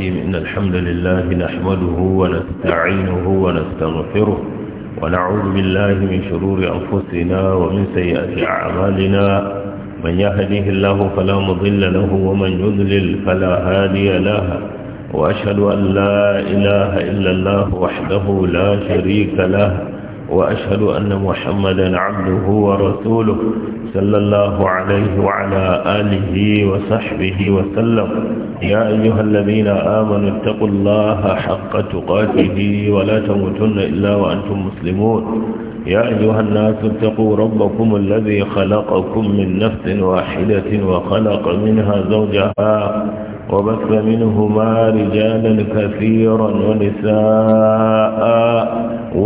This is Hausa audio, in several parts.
الرحيم إن الحمد لله نحمده ونستعينه ونستغفره ونعوذ بالله من شرور أنفسنا ومن سيئات أعمالنا من يهده الله فلا مضل له ومن يذلل فلا هادي له وأشهد أن لا إله إلا الله وحده لا شريك له وأشهد أن محمدا عبده ورسوله صلى الله عليه وعلى آله وصحبه وسلم يا أيها الذين آمنوا اتقوا الله حق تقاته ولا تموتن إلا وأنتم مسلمون يا أيها الناس اتقوا ربكم الذي خلقكم من نفس واحدة وخلق منها زوجها وبث منهما رجالا كثيرا ونساء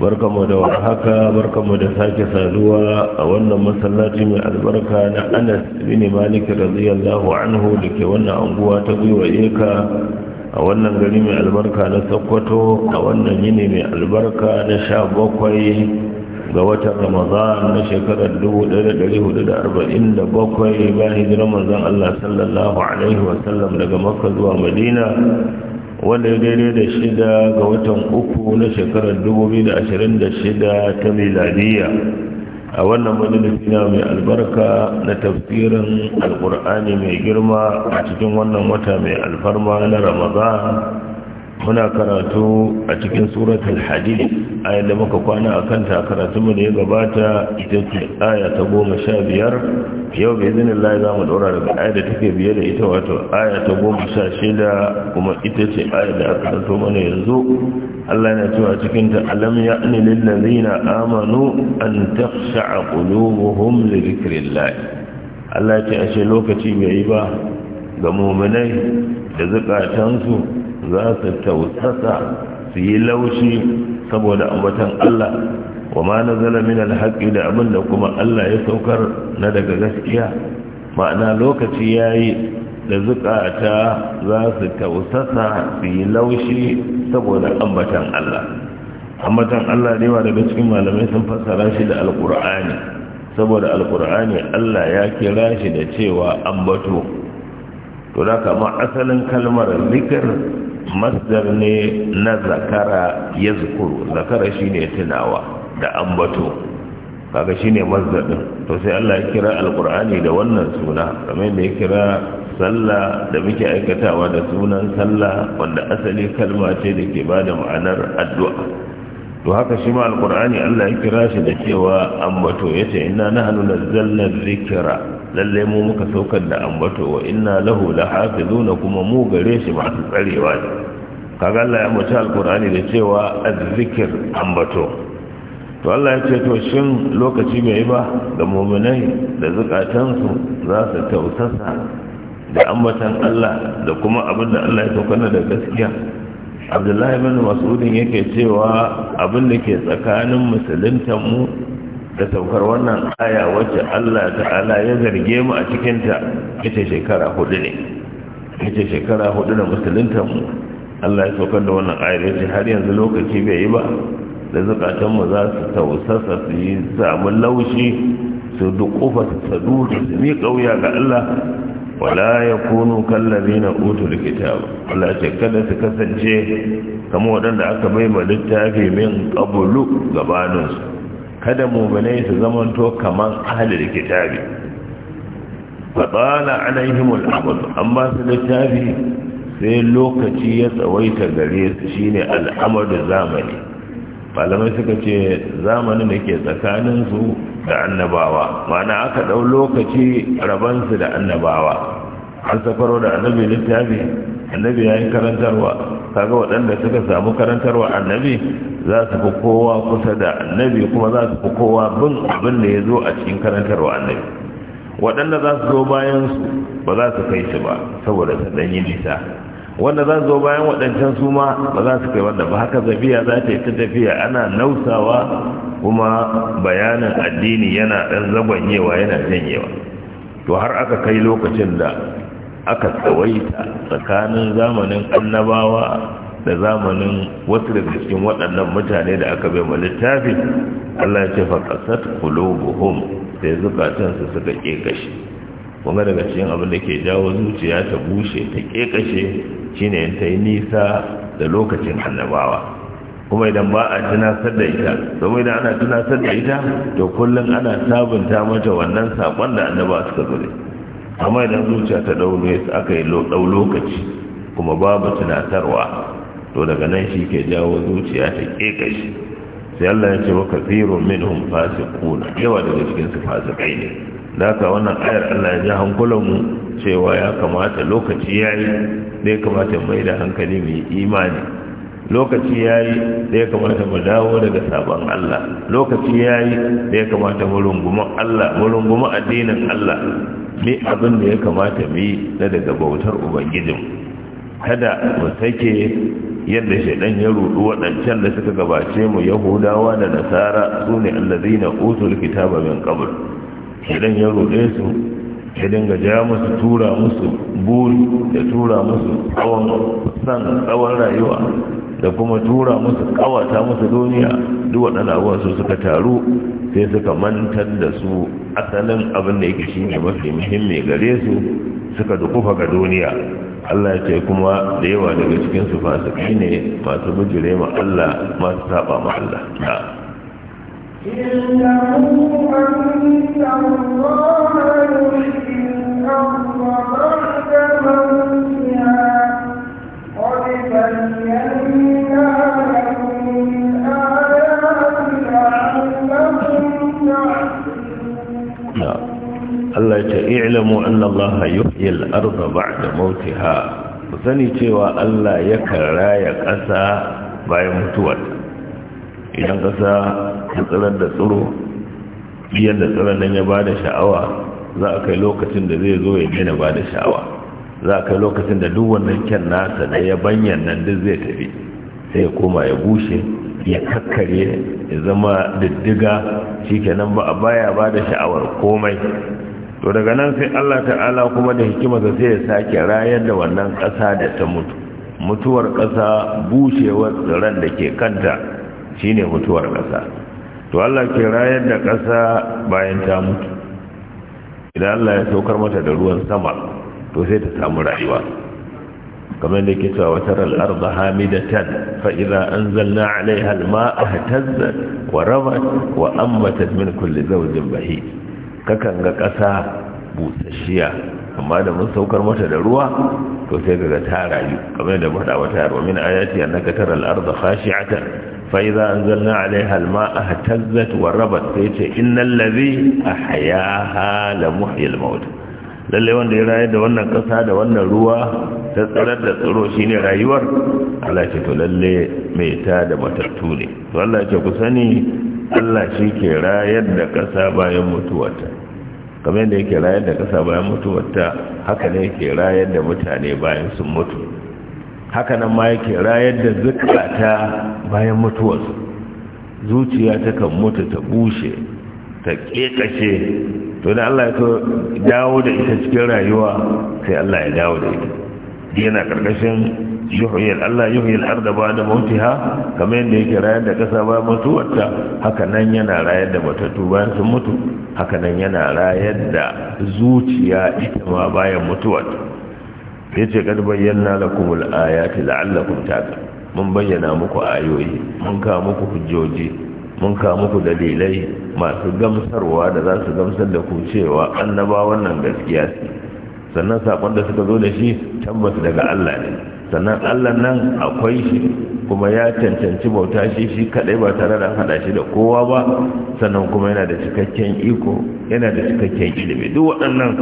barkamu da warhaka barkamu da sake saduwa a wannan masallaci mai albarka na anas bin malik radiyallahu anhu da ke wannan anguwa ta gwiwa eka a wannan gari mai albarka na sokoto a wannan yini mai albarka na sha bakwai ga watan ramadan na shekarar 1447 bayan hijirar manzon allah sallallahu alaihi wasallam daga makka zuwa madina wanda ya daidai da shida ga watan uku na shekarar da shida ta miladiya a wannan majalisi na mai albarka na tafsirin alkur'ani mai girma a cikin wannan wata mai alfarma na ramadan muna karatu a cikin suratul hadid ayar da muka kwana a kanta a karatunmu da ya gabata ita ce aya ta goma sha biyar yau bai zinin layi za mu daura daga aya da take biye da ita wato aya ta goma sha shida kuma ita ce aya da aka karanto mana yanzu Allah yana cewa cikin ta alam ya ni na amanu an takhsha'a qulubuhum li dhikrillah Allah ya ce ashe lokaci bai yi ba ga muminai da zukatansu za su tausasa su yi laushi saboda ambatan Allah wa ma nazala min alhaqi da abin da kuma Allah ya saukar na daga gaskiya ma'ana lokaci yayi da zukata za su tausasa su yi laushi saboda ambatan Allah ambatan Allah da yawa daga cikin malamai sun fassara shi da alqur'ani saboda Alƙur'ani Allah ya kira shi da cewa ambato to da kama asalin kalmar zikir masdar ne na zakara ya zukuru zakara shi ne tunawa da ambato kaga shi ne masdar to sai allah ya kira alkur'ani da wannan suna kamar da ya kira sallah da muke aikatawa da sunan sallah wanda asali kalma ce da ke ba da ma'anar addu'a to haka shi ma alkur'ani Allah ya kira shi da cewa ambato yace inna nahnu nazzalna dhikra lalle mu muka saukar da ambato wa inna lahu lahafizuna kuma mu gare shi masu tsarewa ne kaga Allah ya mace alkur'ani da cewa azzikr ambato to Allah ya ce to shin lokaci bai ba da mu'minai da zukatansu za su tausasa da ambatan Allah da kuma abin da Allah ya saukar da gaskiya abdullahi bin masudin yake cewa abin da ke tsakanin musuluntanmu da saukar wannan aya wacce allah ta'ala ya zarge mu a cikinta ita shekara hudu ne ita shekara hudu da musuluntanmu allah ya saukar da wannan aya ya har yanzu lokaci bai yi ba da zukatanmu za su tausasa su yi samun laushi su dukufa su sadu su mi ƙauya ga allah wala ya kunu kallabi na utul kitab wala ce kada su kasance kama waɗanda aka bai ma littafi min ƙabulu gabaninsu kada mummunai su zamanto kaman ahalar kitabi faɗala alaihimul abadu an ba su littafi sai lokaci ya tsawaita gare su shine al'amadu zamani malamai suka ce zamanin da ke tsakaninsu da annabawa mana aka ɗau lokaci rabansu da annabawa an safaro da annabi littafi annabi ya yi karantarwa kaga waɗanda suka samu karantarwa annabi za su fi kowa kusa da annabi kuma za su fi kowa bin abin da ya zo a cikin karantarwa annabi waɗanda za su zo bayan su ba za su kai shi ba saboda ta ɗanyi nisa wanda za su zo bayan waɗancan su ma ba za su kai wanda ba haka tafiya za ta yi ta tafiya ana nausawa kuma bayanin addini yana ɗan zagwanyewa yana janyewa to har aka kai lokacin da aka tsawaita tsakanin zamanin annabawa da zamanin wasu daga cikin waɗannan mutane da aka bai littafi Allah ce faƙasat kulubuhum sai su suka ƙeƙashe kuma daga cikin abin da ke jawo zuciya ta bushe ta ƙeƙashe shine ta yi nisa da lokacin annabawa kuma idan ba a tunasar da ita domin idan ana tunasar da ita to kullum ana sabunta mata wannan saƙon da annaba suka zure amma idan zuciya ta dau aka yi dau lokaci kuma babu tunatarwa to daga nan shi ke jawo zuciya ta keka shi sai Allah ya ce wa kafirun minhum fasiquna yawa daga cikin su fasikai ne haka wannan ayar Allah ya ji hankulan mu cewa ya kamata lokaci yayi da kamata mai da hankali mai imani lokaci yayi da ya kamata mu dawo daga sabon Allah lokaci yayi da ya kamata mu runguma Allah mu runguma addinin Allah ne abin da ya kamata mu yi na daga bautar ubangijin kada mu take yadda shaidan ya rudu waɗancan da suka gabace mu yahudawa da nasara su ne allazina utul kitaba min qabl shaidan ya rude su ya dinga ja musu tura musu buri da tura musu san tsawon rayuwa da kuma tura musu kawata musu duniya duk waɗanda abuwa su suka taru sai suka mantar da su asalin abin da yake shi ne mafi muhimmi gare su suka dukufa ga duniya Allah ce kuma da yawa daga cikin su fasiki ne masu bujire ma Allah masu saba ma Allah Yeah. Allah ya ce i'lamu anna Allah yuhyi al-ardha ba'da mautiha ku sani cewa Allah ya ya ƙasa bayan mutuwar idan ƙasa ta tsirar da tsiro biyan da tsirar nan ya bada sha'awa za a kai lokacin da zai zo ya daina bada sha'awa za a kai lokacin da duk wannan kyan nasa da ya banyan nan duk zai tafi sai ya koma ya bushe ya kakkare ya zama diddiga shikenan ba a baya ba da sha'awar komai to daga nan sai Allah ta'ala kuma da hikimarsa sai ya sake rayar da wannan ƙasa da ta mutu mutuwar ƙasa bushewar tsiran da ke kanta shine mutuwar ƙasa to Allah ke rayar da ƙasa bayan ta mutu idan Allah ya saukar mata da ruwan sama to sai ta samu rayuwa kamar da ke cewa wata al'arba hamidatan fa'iza an zalna alai halma a hatazza wa rabat wa ammatat min kulli zaujin bahi kakan ga ƙasa busashiya amma da mun saukar mata da ruwa to sai daga ta rayu kamar da faɗa wata yarwa min ayati annaka tara al-ardha khashi'atan fa idza anzalna 'alayha al-ma'a ihtazzat wa rabat sai ce innal ladhi hayaha la muhyil mawt Lallai wanda ya rayu da wannan kasa da wannan ruwa ta tsirar da shi ne rayuwar Allah ce to lalle mai ta da matattu ne to Allah ce ku sani Allah shi ke rayar da kasa bayan mutuwarta kamar yadda yake rayar da kasa bayan mutuwarta haka ne yake rayar da mutane bayan sun mutu haka nan ma yake rayar da zukata bayan mutuwarsu zuciya ta kan mutu ta bushe ta kekace to da Allah ya so dawo da ita cikin rayuwa sai Allah ya dawo da ita yana karkashin yuhyil Allah yuhyil arda ba'da mautiha kamar yadda yake rayar da kasa ba mutuwarta haka nan yana rayar da matattu bayan sun mutu haka nan yana rayar da zuciya ita ma bayan mutuwarta yace kad bayyana al ayati la'allakum ta'qilun mun bayyana muku ayoyi mun ka muku hujjoji mun ka muku dalilai masu gamsarwa da za su gamsar da ku cewa annaba wannan gaskiya su sannan sakon da suka zo da shi tabbas daga Allah ne sannan Allah nan akwai shi kuma ya cancanci bauta shi shi kadai ba tare da hada shi da kowa ba sannan kuma yana da cikakken iko yana da cikakken ilimi duk waɗannan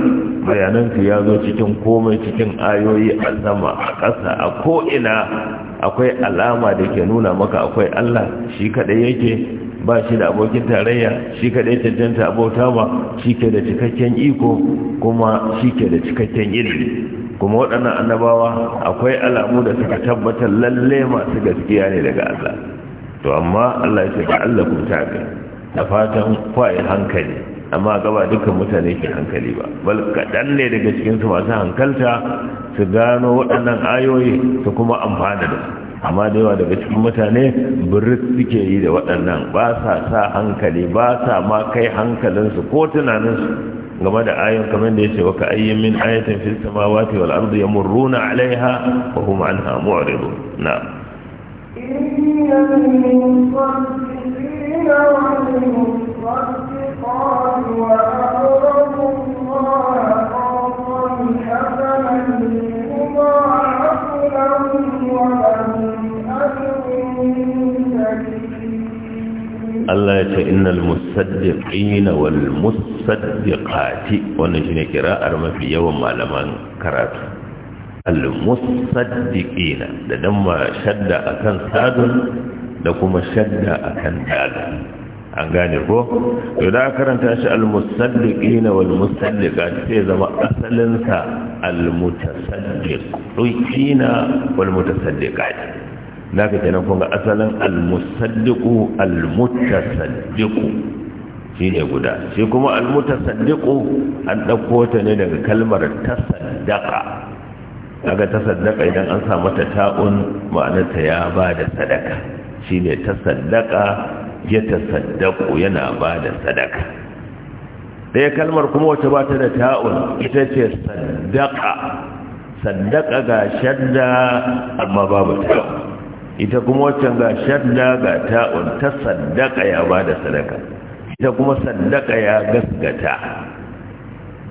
bayanan su ya zo cikin komai cikin ayoyi a sama a ƙasa a ko'ina akwai alama da ke nuna maka akwai Allah shi kadai yake ba shi da abokin tarayya shi kaɗai cancanta abota ba shi ke da cikakken iko kuma shi ke da cikakken ilimi kuma waɗannan annabawa akwai alamu da suka tabbatar lalle masu gaskiya ne daga Allah to amma Allah ya ce ga Allah ku tafi da fatan kwai hankali amma gaba dukkan mutane ke hankali ba bal kadan ne daga cikinsu masu hankalta su gano waɗannan ayoyi su kuma amfana da su amma da yawa daga cikin mutane birrit suke yi da waɗannan ba sa sa hankali ba sa ma kai hankalinsu ko tunaninsu game da ayon kamar da ya ce waka ayyin min ayatin fil ya wal ardi yamurruna alaiha wa hum anha mu'ridun na وأقربوا الله Allah ya ce innal musaddiqina wal musaddiqati wannan shine kira'ar mafi yawan malaman karatu al musaddiqina da damma shadda akan sadun da kuma shadda akan dada an gane ko to da karanta shi al musaddiqina wal musaddiqati sai zama asalin sa al-mutasaddiq naka kenan kun ga asalin al-musaddiqu shine guda shi kuma al an dauko ta ne daga kalmar tasaddaqa kaga tasaddaqa idan an sa mata ta'un ma'anarta ya ba da sadaka shine tasaddaqa ya tasaddaqu yana ba da sadaka ɗaya kalmar kuma wacce ba ta da ta'un ita ce sadaka sadaka ga shadda amma babu ta'un ita kuma wacce ga shadda ga ta'un ta sadaka ya ba da sadaka ita kuma sadaka ya gasgata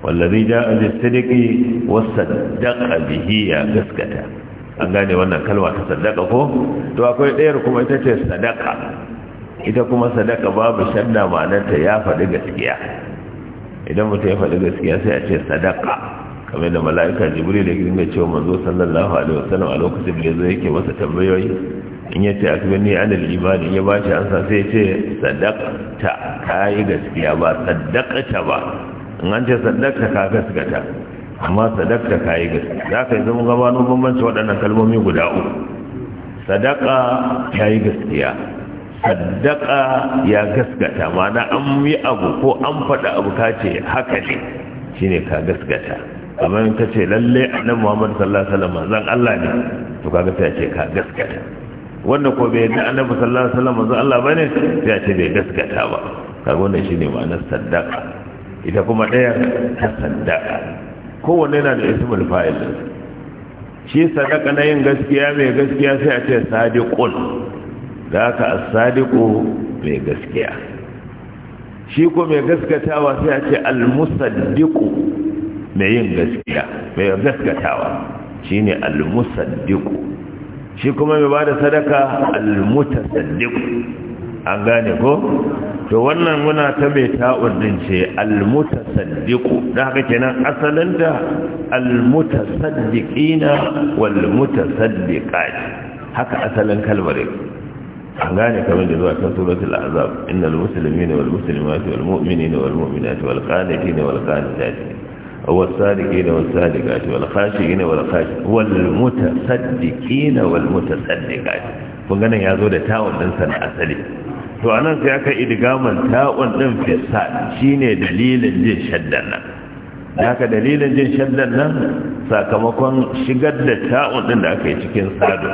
wallazi an ji sadaki wa sadaka bihi ya gasgata an gane wannan kalma ta sadaka ko to akwai ɗayar kuma ita ce sadaka ita kuma sadaka babu shadda ma'anarta ya faɗi gaskiya idan mutum ya faɗi gaskiya sai a ce sadaka kamar da mala'ika jibril da gidan mai cewa manzo sallallahu alaihi wasallam a lokacin da yazo yake masa tambayoyi in yace ni anil imani ya ba shi ansa sai ce sadaqta kai gaskiya ba sadaqta ba in an ce sadaqta ka gaskata amma sadaqta kai gaskiya za ka yi zama gabanin bambanci waɗannan kalmomi guda uku sadaka kai gaskiya saddaka ya gaskata mana an yi abu ko an faɗa abu ka ce haka ne shine ka gaskata kamar ka ce lalle annabi Muhammad sallallahu alaihi wasallam zan Allah ne to ka sai ce ka gaskata Wannan ko bai yadda annabi sallallahu alaihi wasallam zan Allah bane sai ya ce bai gaskata ba ga wannan shine ma'anar saddaka ita kuma ɗaya ta saddaka kowanne yana da ismul fa'il shi sadaka na yin gaskiya mai gaskiya sai a ce sadiqun da haka as-sadiqu mai gaskiya shi ko mai gaskatawa sai a ce al-musaddiqu mai yin gaskiya mai gaskatawa shine al-musaddiqu shi kuma mai bada sadaka al an gane ko to wannan muna ta mai ta'un ce al da haka kenan asalinta da al-mutasaddiqina wal haka asalin kalmar an gane kamar da zuwa kan suratul azab innal muslimina wal muslimati wal mu'minina wal mu'minati wal qanitina wal qanitati والصادقين والصادقات والخاشعين والخاشعات والمتصدقين والمتصدقات kun ganin ya zo da tawon ɗinsa na asali to anan sai aka idgaman tawon ɗin Fisa shine dalilin jin shaddan nan da haka dalilin jin shaddan nan sakamakon shigar da tawon ɗin da aka yi cikin sadu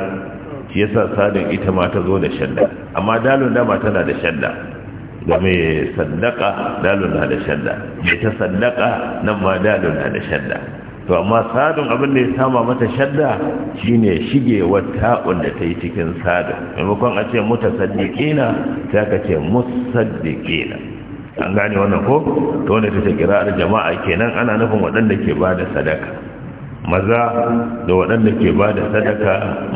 shi yasa sadin ita ma ta zo da shadda amma dalun dama tana da shadda da mai sadaka dalun na da shadda mai ta sadaka nan ma dalun na da shadda to amma sadin abin da ya sama mata shadda shine shige wata wanda ta yi cikin sadin maimakon a ce na ta ka ce na an gane wannan ko to wanda ta kira jama'a kenan ana nufin waɗanda ke ba da sadaka maza da waɗanda ke ba da sadaka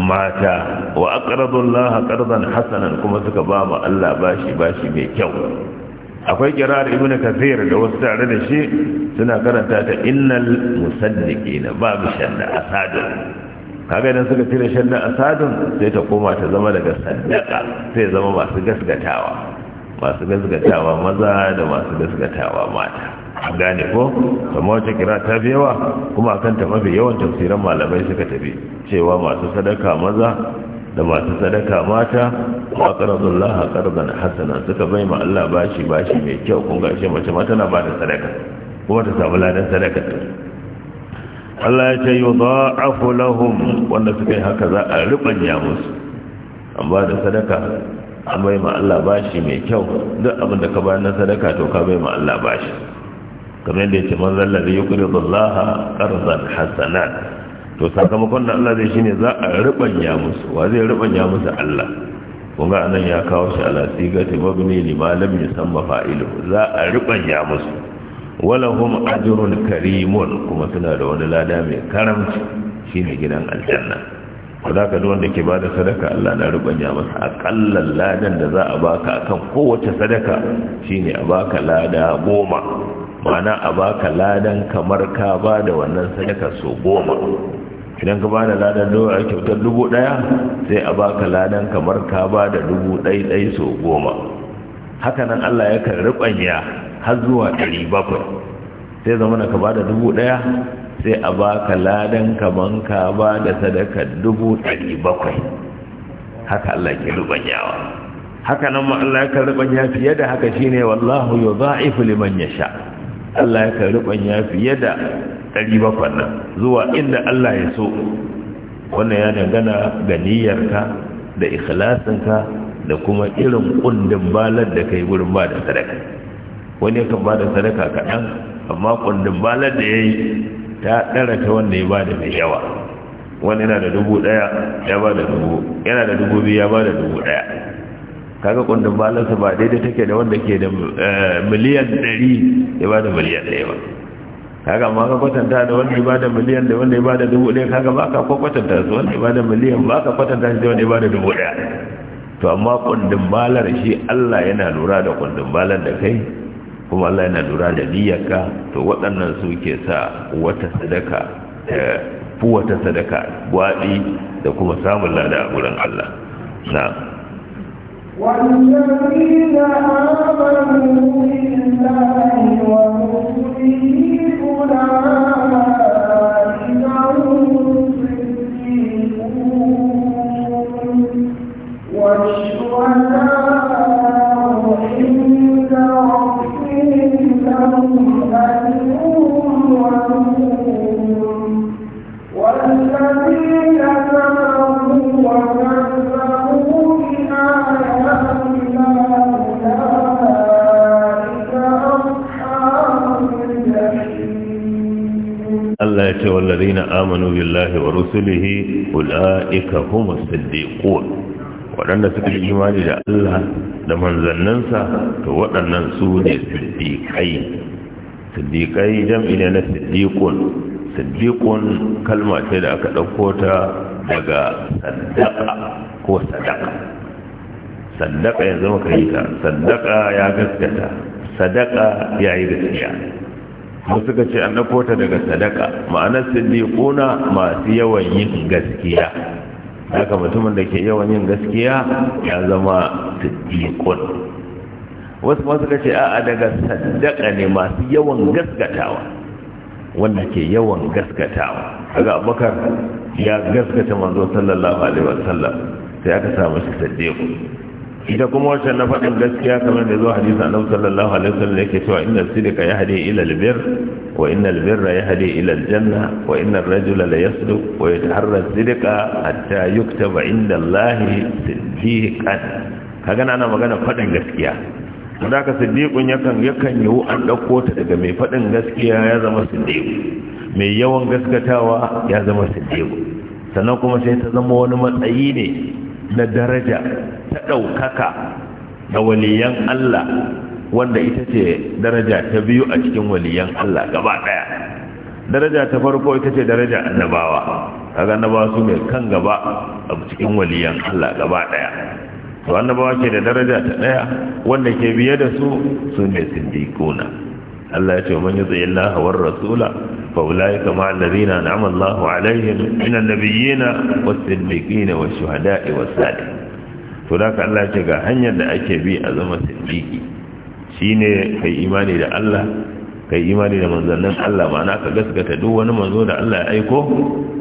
mata wa aqradullah qardan hasanan kuma suka ba mu Allah bashi bashi mai kyau akwai kirar ibnu kathir da wasu tare da shi suna karanta ta innal na babu shadda asadun kaga idan suka tira shadda asadun sai ta koma ta zama daga sadaka sai zama masu gasgatawa masu gasgatawa maza da masu gasgatawa mata a gane ko kamar wata kira ta fi yawa kuma akan ta mafi yawan tafsiran malamai suka tafi cewa masu sadaka maza da masu sadaka mata wa laha qardan hasana suka bai ma Allah bashi bashi mai kyau kun gashe mace mata na bada sadaka kuma ta samu ladan sadaka Allah ya ce yi za'afu lahum wanda suka yi haka za a rubanya musu amma da sadaka an bai ma Allah bashi mai kyau duk abin da ka bayar na sadaka to ka bai ma Allah bashi kamar yadda ya ce man zalla ya yi Allah qarzan hasanan to sakamakon da Allah zai ne za a rubanya musu wa zai rubanya musu Allah kun ga anan ya kawo shi ala ta mabni li malam yusamma fa'ilu za a rubanya musu walahum ajrun karimun kuma suna da wani lada mai karamci shine gidan aljanna ko za ka duk wanda ke bada sadaka Allah na rubanya masa akallan ladan da za a baka akan kowace sadaka shine a baka lada goma wana a baka ladan kamar ka ba da wannan sadaka so goma idan ka ba da ladan doya kyautar dubu daya sai a baka ladan kamar ka ba da dubu ɗai ɗai so goma hakanan allah ya kan riɓanya har zuwa ɗari bakwai sai zama na ka ba da dubu daya sai a baka ladan kamar ka ba da sadaka dubu ɗari bakwai haka allah ke riɓanyawa hakanan ma allah ya kan riɓanya fiye da haka shine wallahu yuzaifu liman yasha' Allah ya kai rikon ya fiye da ɗari bakwai nan zuwa inda Allah ya so wannan ya dangana ga niyyarka da ikhlasinka da kuma irin kundin balar da kai gurin ba da sadaka wani kan ba da sadaka kaɗan amma kundin balar da ya yi ta ɗara ta wanda ya ba da mai yawa wani yana da dubu ɗaya ya ba da dubu yana da dubu biyu ya ba da dubu ɗaya kaga kundin balansa ba daidai take da wanda ke da eh, miliyan 100 ya ba da miliyan 1 ba kaga ma ka kwatanta da wanda ya ba da miliyan da wanda ya ba da dubu ɗaya kaga ba ka kwatanta su wanda ya ba da miliyan ba ka kwatanta shi da wanda ya ba da dubu ɗaya to amma kundin balar shi Allah yana lura da kundin balar da kai kuma Allah yana lura da niyyarka to waɗannan su ke sa wata sadaka fuwata sadaka waɗi da kuma samun lada a gurin Allah na'am والذين آمنوا بالله ورسله أولئك هم الصديقون والشهداء الذين آمنوا بالله ورسله أولئك هم الصديقون waɗanda suka yi imani da Allah da manzanninsa to waɗannan su ne siddiƙai siddiƙai jam'i ne na siddiƙun siddiƙun kalma ce da aka ɗauko ta daga sadaka ko sadaka sadaka yanzu muka yi ta sadaka ya gaskata Sadaƙa ya yi gaskiya Wasu suka ce an ɗauko ta daga sadaka ma'anar siddiƙuna masu yawan yin gaskiya haka mutumin da ke yawan yin gaskiya ya zama siddiƙun wasu ma suka ce a'a daga sadaka ne masu yawan gaskatawa wanda ke yawan gaskatawa daga abubakar ya gaskata manzo sallallahu alaihi wasallam sai aka samu shi siddiƙun ita kuma wacce na faɗin gaskiya kamar da zuwa hadisi annabi sallallahu alaihi wasallam yake cewa inna sidqa yahdi ila albir wa inna albirra yahdi ila aljanna wa inna ar-rajula la yasduq wa yataharra sidqa hatta yuktaba inda Allah siddiqan kaga ana magana faɗin gaskiya don haka siddiqun yakan yakan yiwu an dauko ta daga mai faɗin gaskiya ya zama siddiq mai yawan gaskatawa ya zama siddiq sannan kuma sai ta zama wani matsayi ne na daraja ta ɗaukaka da waliyan Allah wanda ita ce daraja ta biyu a cikin waliyan Allah gaba ɗaya daraja ta farko ita ce daraja annabawa kaga annabawa su ne kan gaba a cikin waliyan Allah gaba ɗaya to annabawa ke da daraja ta ɗaya wanda ke biye da su su ne sindikuna Allah ya ce man tsaye Allah war rasula fa ulaika ma allazina an'ama Allahu alaihim min an-nabiyina was-siddiqina wash-shuhada'i was-salihin to da ka Allah ce ga hanyar da ake bi a zama siddiqi shine kai imani da Allah kai imani da manzannin Allah ma'ana ka gaskata duk wani manzo da Allah ya aiko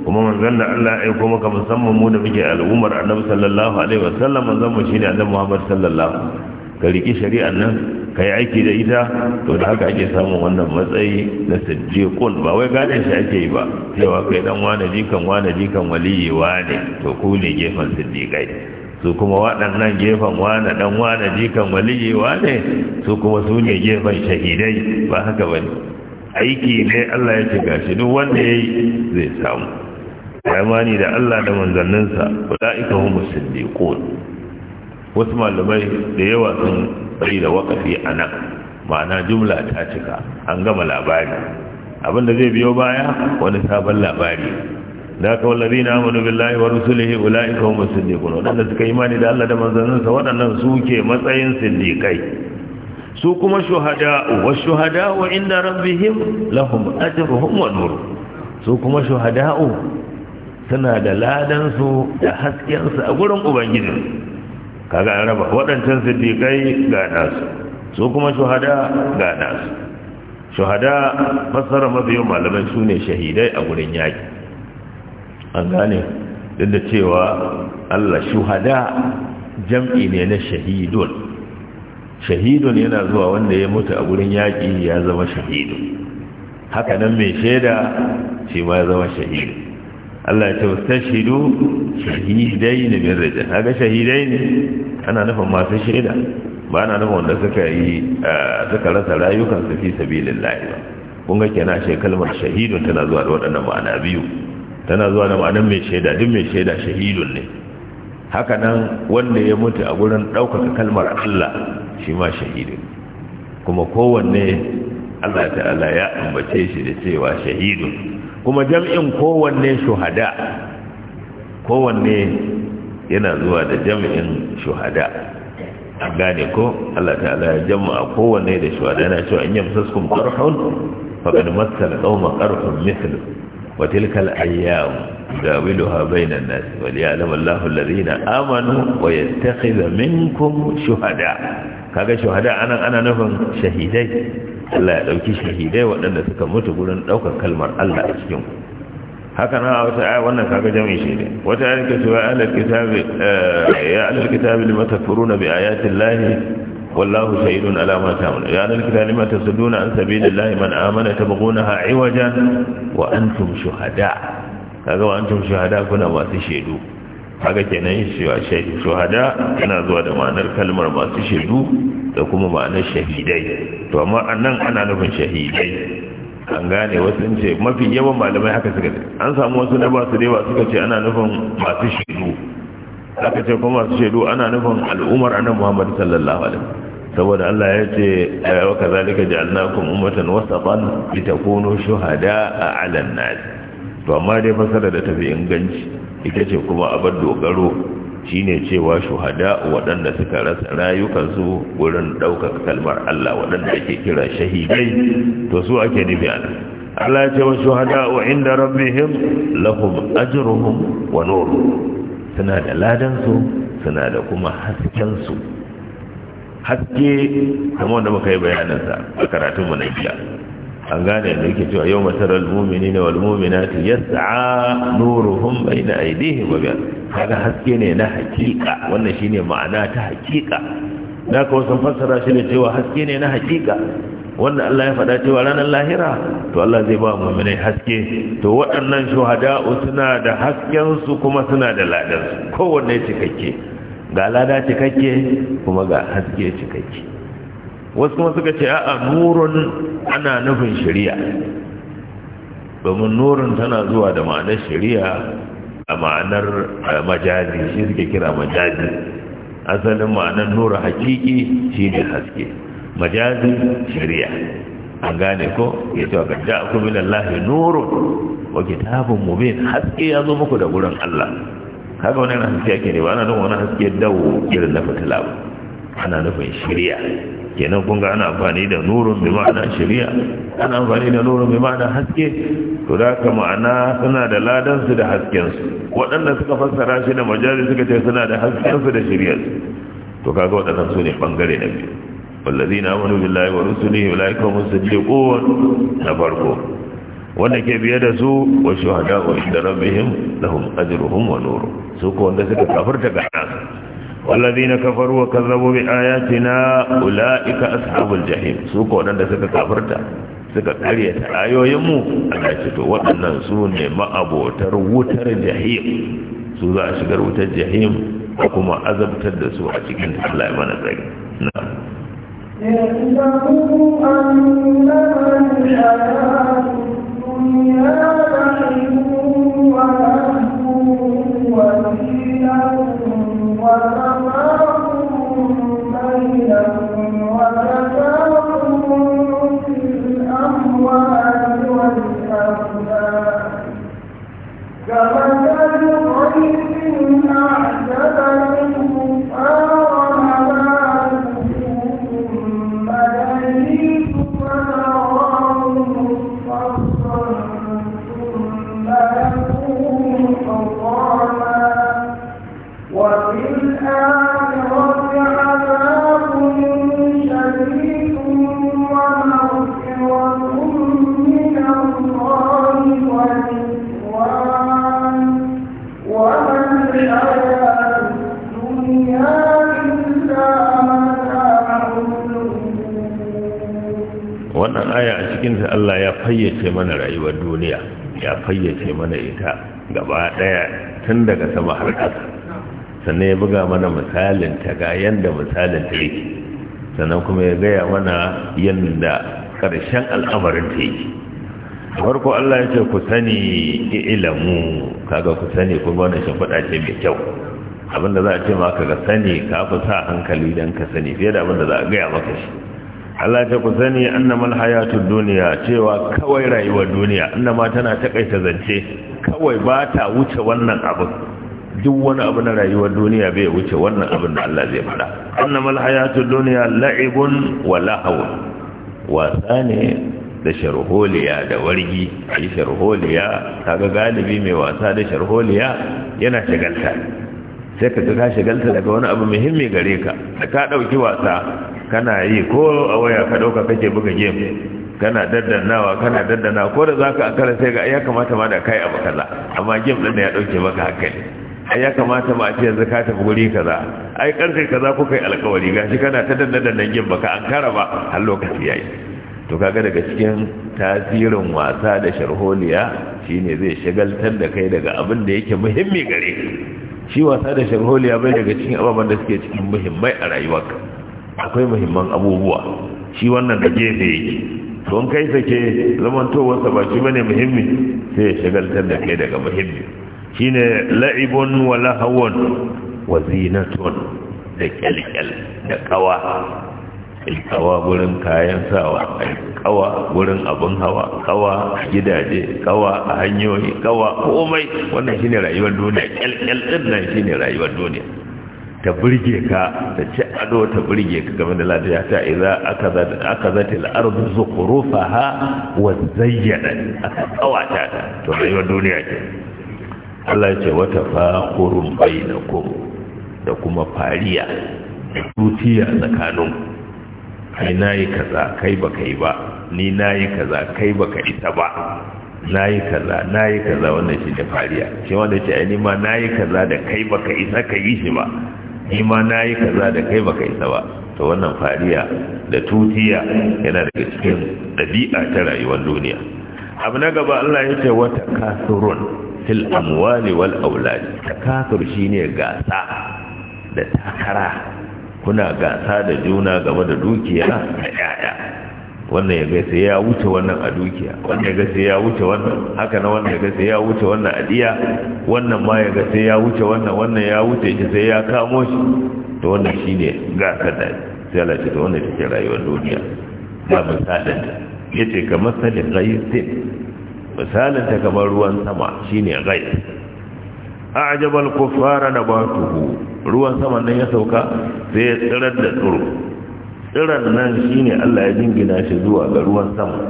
kuma manzon da Allah ya aiko maka musamman mu da muke al'ummar Annabi sallallahu alaihi wa sallam. manzon mu shine Annabi Muhammad sallallahu ka riki shari'ar nan ka yi aiki da ita to da haka ake samun wannan matsayi na siddiqun ba wai gane shi ake yi ba cewa kai dan wane jikan wane jikan waliyi wane to ku ne gefen sindikai, su kuma waɗannan gefen wane dan wane jikan waliyi wane su kuma su ne gefen shahidai ba haka bane aiki ne Allah ya ce gashi duk wanda yayi zai samu imani da Allah da manzanninsa ulaika humus siddiqun wasu malamai da yawa sun bai da waƙafi a nan ma'ana jumla ta cika an gama labari abinda zai biyo baya wani sabon labari da ka wallazi na amanu billahi wa rusulihi ula'ika hum as-siddiqun waɗanda suka yi mani da Allah da manzanninsa su suke matsayin sindikai. su kuma shuhada wa shuhada wa inda rabbihim lahum ajruhum wa nur su kuma shuhada'u suna da ladansu da su a gurin ubangijin kaga an raba waɗancan siddiƙai ga nasu su kuma shuhada ga nasu shuhada mafi mafiyan malamai su ne shahidai a gurin yaki. an gane duk da cewa allah shuhada jam'i ne na shahidun shahidun yana zuwa wanda ya mutu a gurin yaƙi ya zama shahidun haka nan mai shaida shi ma ya zama shahidun Allah ya ce wastashidu shahidain min rijal shahidai shahidain ana nufin masu shaida ba ana nufin wanda suka yi suka rasa rayukan su fi sabilillah kun ga kenan shi kalmar shahidun tana zuwa da waɗannan ma'ana biyu tana zuwa da ma'anar mai shaida duk mai shaida shahidun ne haka nan wanda ya mutu a gurin ɗaukaka kalmar Allah shi ma shahidu kuma kowanne Allah ta'ala ya ambace shi da cewa shahidun kuma jam'in kowanne shuhada kowanne yana zuwa da jam'in shuhada an gane ko Allah ta'ala ya jama'a kowanne da shuhada yana cewa in yamsaskum qarhun faqad massal qawma qarhun mithlu wa tilka al-ayyam dawiluha bayna an-nas wa liya'lam Allahu na amanu wa yattakhidha minkum shuhada kaga shuhada anan ana nufin shahidai Allah ya dauki shahidai waɗanda suka mutu gurin daukar kalmar Allah a cikin ku haka na a wata aya wannan kaga jami'i shi ne wata aya ke cewa ahlul kitabi eh, ya ahlul kitabi lima takfuruna bi ayati llahi wallahu shahidun ala ma ta'malun ya ahlul kitabi lima tasudduna an sabilillahi mana amana ta tabghunaha iwajan wa antum shuhada kaga wa antum shuhada kuna masu shaidu haka kenan shaidu shuhada yana zuwa da ma'anar kalmar masu shaidu da kuma ma'anar shahidai to amma annan ana nufin shahidai an gane wasu ce mafi yawan malamai haka suka ce an samu wasu na basu da yawa suka ce ana nufin masu shaidu aka ce kuma masu shaidu ana nufin al'umar annabi Muhammad sallallahu alaihi saboda Allah ya ce wa kazalika ja'alnakum ummatan wasatan litakunu shuhada 'ala an-nas to amma dai fasara da tafi inganci ita ce kuma abin dogaro shine cewa shuhada waɗanda suka rasa rayukansu wurin ɗaukar kalmar Allah waɗanda ake kira shahidai to su ake nufi a nan Allah ce wa shuhada wa inda rabbihim lahum ajruhum wa nur suna da ladan suna da kuma haskensu. haske kamar da muka yi a karatun mu na biya an gane da yake cewa yau matarar mumini na walmuminati ya sa'a nuruhun bai na aidihi babiyar kaga haske ne na hakika wannan shi ma'ana ta hakika na kawo sun fassara shi ne cewa haske ne na hakika wannan Allah ya faɗa cewa ranar lahira to Allah zai ba muminai haske to waɗannan shuhada'u suna da haskensu kuma suna da ladansu kowanne cikakke ga lada cikakke kuma ga haske cikakke wasu kuma suka ce a'a nurun ana nufin shari'a domin nurun tana zuwa da ma'anar shari'a a ma'anar majazi shi suke kira majazi asalin ma'anar nura hakiki shi ne haske majazi shari'a an gane ko ya ce wa kajja a kuma Allah nurun wa kitabun mubin haske ya zo muku da wurin Allah wani wannan haske ake ne ba ana nufin wani haske dawo irin na fitila ana nufin shari'a kenan kun ga ana amfani da nurun bi ma'ana shari'a ana amfani da nurun bi ma'ana haske to da ka ma'ana suna da ladan su da hasken su waɗanda suka fassara shi da majalis suka ce suna da hasken su da shari'a to kaga waɗannan su ne bangare na biyu wallazina amanu billahi wa rusulihi ulaika hum musaddiqun na farko wanda ke biye da su wa shuhada wa inda rabbihim lahum ajruhum wa nuruhum su ko wanda suka kafirta ga Allah والذين كفروا وكذبوا بآياتنا أولئك أصحاب الجحيم سوكو نند سكا كفرتا سكا كريتا آيو يمو أنا شتو وأن سوني ما أبو تروتر جحيم سوزا أشكر وتر جحيم وكما أذب تدسوا أشكين الله يمانا سكا نعم يحسبهم أنما الحياة الدنيا فمثل غيث أعجب cikinta Allah ya fayyace mana rayuwar duniya ya fayyace mana ita gaba ɗaya tun daga sama har ƙasa sannan ya buga mana misalin ta ga yanda misalin ta yake sannan kuma ya gaya mana yanda ƙarshen al'amarin ta yake farko Allah ya ce ku sani ilamu kaga ku sani ga wannan shafaɗa ce mai kyau abinda za a ce ma kaga sani ka fi sa hankali don ka sani fiye da abinda za a gaya maka shi Allah ta ku sani annamal hayatu duniya cewa kawai rayuwar duniya annama tana takaita zance kawai ba ta wuce wannan abin duk wani abu na rayuwar duniya bai wuce wannan abin da Allah zai faɗa annamal hayatu duniya la'ibun wa lahaw wasa ne da sharholiya da wargi ai sharholiya kaga galibi mai wasa da sharholiya yana shagalta sai ka ga ka shagalta daga wani abu muhimmi gare ka da ka dauki wasa kana yi ko a waya ka dauka kake buga game kana daddanawa kana daddana ko da zaka akala sai ga ya kamata ma da kai abu kaza amma game din da ya dauke maka hankali ai ya kamata ma a ce yanzu ka tafi guri kaza ai karfe kaza kuka yi alkawari gashi kana ta dandanan game baka an kara ba har lokaci yayi to kaga daga cikin tasirin wasa da sharholiya shine zai shagaltar da kai daga abin da yake muhimmi gare shi wasa da sharholiya bai daga cikin ababen da suke cikin muhimmai a rayuwarka akwai muhimman abubuwa shi wannan da gefe yake don kai sake zamantowarsa ba shi bane muhimmi sai ya shagaltar da kai daga muhimmi ne la'ibon wa lahawun wa zinaton da kyalkyal da kawa kawa gurin kayan sawa kawa gurin abin hawa kawa a gidaje kawa a hanyoyi kawa komai wannan shine rayuwar duniya kyalkyal din nan shine rayuwar duniya ta burge ka ta ci ado ta burge ka game da lafiya ta iza aka zata al'arzu zukurufa ha wa zayyana aka tsawata ta to rayuwar duniya ke. Allah ce wata fakurun bainakum da kuma fariya tutiya tsakanin kai nayi kaza kai ba kai ba ni nayi kaza kai ba ka isa ba nayi kaza nayi kaza wannan shi ne fariya shi wanda ce ai ni ma nayi kaza da kai ba ka isa ka yi shi ba ni ma na yi kaza da kai baka isa ba to wannan fariya da tutiya yana daga cikin ɗabi'a ta rayuwar duniya abu na gaba Allah ya ce wata kasurun fil amwali wal aulad takasur shine gasa da takara kuna gasa da juna game da dukiya da yaya wannan ya ga sai ya wuce wannan a dukiya wannan ya ga sai ya wuce wannan haka na wannan ya ga sai ya wuce wannan a diya wannan ma ya ga sai ya wuce wannan wannan ya wuce shi sai ya kamo shi to wannan shine ga kada sai Allah ce to wannan take rayuwar duniya ba misalin ta yace kamar salin ghaisin misalin ta kamar ruwan sama shine ghais a'jabal kuffara nabatuhu ruwan sama nan ya sauka sai ya tsirar da tsiro tsiran nan shi ne Allah ya jingina shi zuwa ga ruwan sama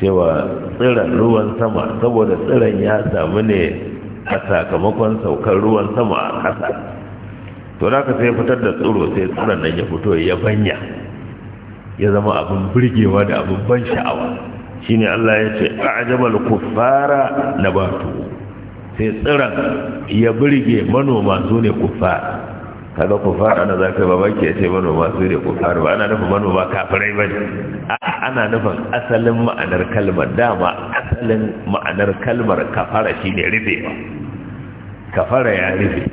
cewa tsiran ruwan sama saboda tsiran ya samu ne a sakamakon saukar ruwan sama a ƙasa to da sai fitar da tsiro sai tsiran nan ya fito ya banya ya zama abin birgewa da abin ban sha'awa Shi ne Allah ya ce a'jabal kuffara batu sai tsiran ya birge manoma su ne kuffara kaga fara ana za ka babaki ke ce manoma su ne faru ba ana nufin manoma kafirai ba ne ana nufin asalin ma'anar kalmar dama asalin ma'anar kalmar kafara shi ne ba kafara ya rufe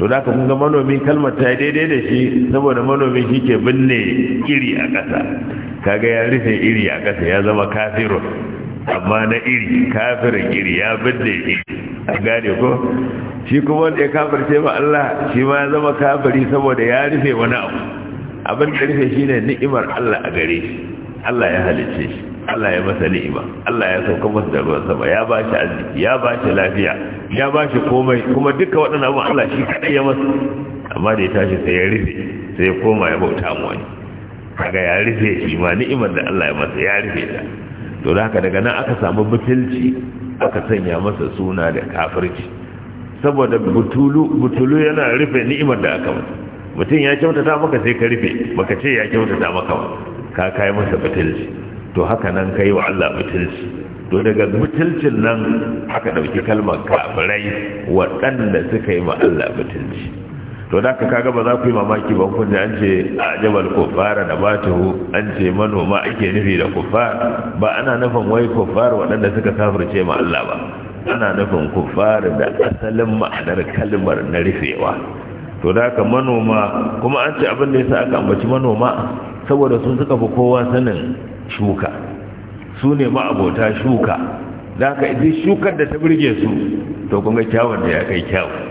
to da ka kunga manomi kalmar ta daidai da shi saboda manomi shi ke binne iri a ƙasa kaga ya rufe iri a ƙasa ya zama kafirun amma na iri kafirin iri ya binne iri a gane ko shi kuma wanda ya kafirce ba Allah shi ma zama kafiri saboda ya rufe wani abu abin da rufe shi ne ni'imar Allah a gare shi Allah ya halicce shi Allah ya masa ni'ima Allah ya sauka masa da ruwan sama ya bashi arziki ya bashi lafiya ya bashi komai kuma duka waɗannan abu Allah shi kaɗai ya masa amma da ya tashi sai ya rufe sai ya koma ya bauta mu wani kaga ya rufe shi ma ni'imar da Allah ya masa ya rufe ta to haka daga nan aka samu butulci aka sanya masa suna da kafirci saboda butulu butulu yana rufe ni'imar da aka masa mutum ya kyautata maka sai ka rufe baka ce ya kyautata maka ka kai masa butulci to haka nan kai wa Allah butulci to daga butulcin nan aka dauki kalmar kafirai waɗanda suka yi ma Allah butulci to da ka kaga ba za ku yi mamaki ba kun an ce a jabal da batahu an ce manoma ake nufi da kufar ba ana nufin wai kufar waɗanda suka kafirce ma Allah ba ana nufin kufar da asalin ma'anar kalmar na rufewa to da ka manoma kuma an ce abin da yasa aka ambaci manoma saboda sun suka fi kowa sanin shuka su ne ma'abota shuka da ka idan shukar da ta burge su to kun ga kyawun da ya kai kyawun